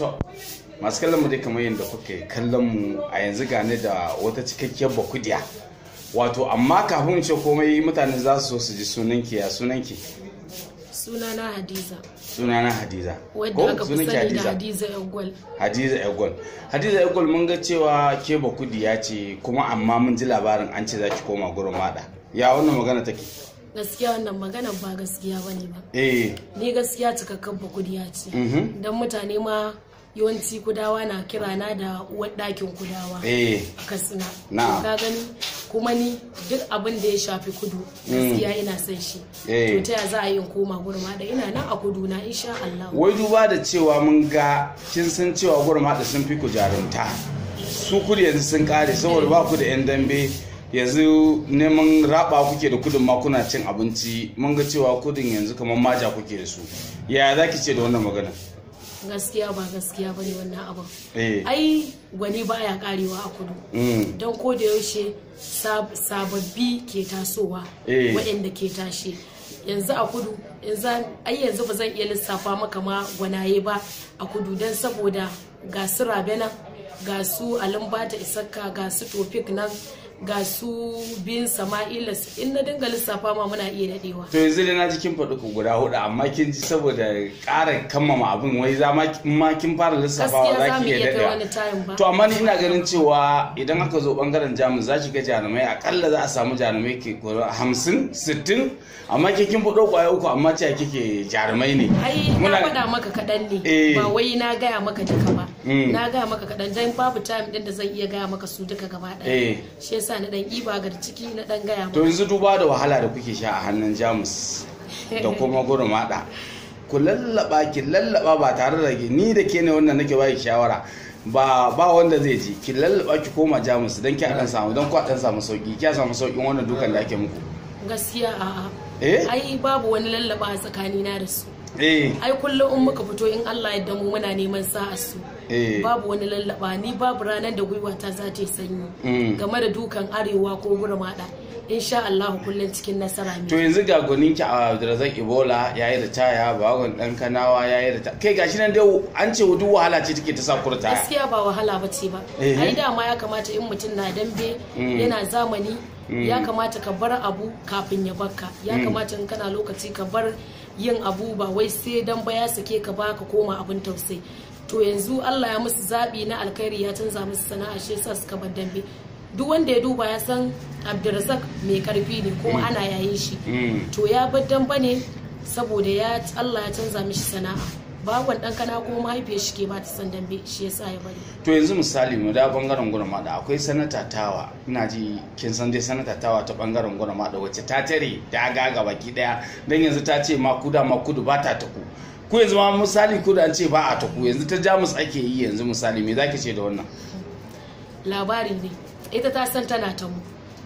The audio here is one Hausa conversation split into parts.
to masu kallon mu dai kamar yadda kuke kallon mu a yanzu gane da wata cikakkiyar bakudiya wato amma kafin ce komai mutane za su so su ji sunanki ya sunanki sunana hadiza sunana hadiza wadda aka fi sani da hadiza yagwal hadiza yagwal hadiza yagwal mun ga cewa ke bakudiya ce kuma amma mun ji labarin an ce za ki koma gurin mada ya wannan magana take gaskiya wannan magana ba gaskiya bane ba eh ni gaskiya cikakken bakudiya ce mhm. dan mutane ma yawanci kudawa na kira na da uwar ɗakin kudawa eh. a katsina ka gani kuma ni duk abin da ya shafi kudu mm. gaskiya ina son shi eh. to ta ya za a yi koma da ina nan a kudu na insha Allah wai duba da cewa mun ga kin san cewa da sun fi ku jarumta su kudu yanzu sun kare saboda ba ku da yan dambe yanzu neman raba kuke da kudin ma kuna cin abinci mun ga cewa kudin yanzu kamar maja kuke da su yaya za ki ce da wannan magana gaskiya ba gaskiya ba ne wannan abin eh. ai gwani ba baya karewa a kudu mm. don ko da yaushe sababbi ke tasowa eh. waɗanda ke tashe. yanzu a kudu ai yanzu ba zan iya lissafa maka ma gwanaye ba a kudu don saboda ga su rabena ga su alimbata isakka ga su tofik nan ga su bin sama'ila in na dinga lissafa ma muna iya dadewa to yanzu da na ji kin faɗi ku guda hudu amma kin ji saboda ƙara kammama abin wai za ma kin fara lissafawa za ki iya dadewa to amma ni ina ganin cewa idan aka zo bangaren jamus za ki ga jarumai akalla za a samu jarumai ke hamsin sittin amma ke kin faɗo ƙwaya uku amma cewa kike jarumai ne ai na faɗa maka kaɗan ne eh. ba wai na gaya maka duka ba Mm. na ga maka kaɗan dan babu time din da zan iya gaya maka su duka gaba ɗaya eh. shi yasa na dan iba ga ciki na dan gaya maka to yanzu duba da wahala da kuke sha a hannun jamus da kuma gurin maɗa ku lallaba ki lallaba ba tare da ni da ke ne wannan nake baki shawara ba ba wanda zai ji ki lallaba ki koma jamus don ki a dan samu don ku dan samu sauki ki a samu saukin wannan dukan da ake muku gaskiya a'a eh ai babu wani lallaba a tsakanina da su Eh. ai kullum in muka fito in Allah ya damu muna neman sa'a su eh. babu wani lallaba ni babu ranar da gwiwa ta za ta sanyi mm. game da dukan arewa ko in insha Allah kullum cikin nasara ne to yanzu ga gonin ki a Abdulrazak Ibola yayi da taya bagon dan Kanawa yayi da kai gashi nan dai an ce duk wahala ce take ta sa kurta gaskiya ba wahala bace ba eh. ai ma ya kamata in mutum na dambe mm. yana zamani ya mm. kamata ka bar abu kafin ya bakka ya kamata in kana lokaci ka bar yin abu ba wai sai dan baya ya sake ka ba ka koma abin tausayi to yanzu Allah ya musu zabi na alkhairi ya canza musu sana'a shi yasa suka bar dambe duk wanda ya duba ya san Abdulrazak mai karfi ne kuma mm. ana yayin shi mm. to ya bar dambe ne saboda ya Allah ya canza mishi sana'a bagon dan kana ko mahaifiyar shi ke ba ta san dambe shi yasa ya bari to yanzu misali mu da bangaren gurma da akwai sanata tawa ina ji kin san dai sanata tawa ta bangaren gurma da wacce ta tare da aga ga baki daya dan yanzu ta ce ma kuda ma kudu ba ta taku ku yanzu ma misali kudu an ce ba a taku yanzu ta jamus ake yi yanzu misali me zaki ce da wannan labarin ne ita ta san tana ta mu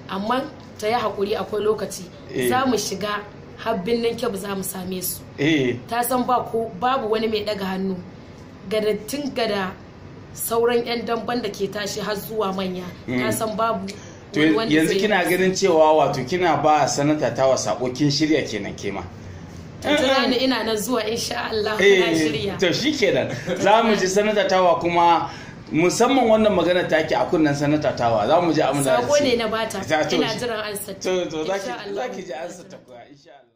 amma ta yi hakuri akwai lokaci za mu eh. shiga har birnin kyau za mu same su eh. ta san ba ko babu wani mai daga hannu gada tun gada sauran yan damban da ke tashi har zuwa manya ta hmm. san babu yanzu kina ganin cewa wato kina ba sanata ta wa sako shirya kenan kema tunani ina nan zuwa insha Allah na eh, shirya to shikenan za mu ji sanata kuma musamman wannan magana ta ke a kunnen sanata tawa za mu ji amina sako ne na bata ina jiran ansa to to zaki ji ansa ta kuwa insha Allah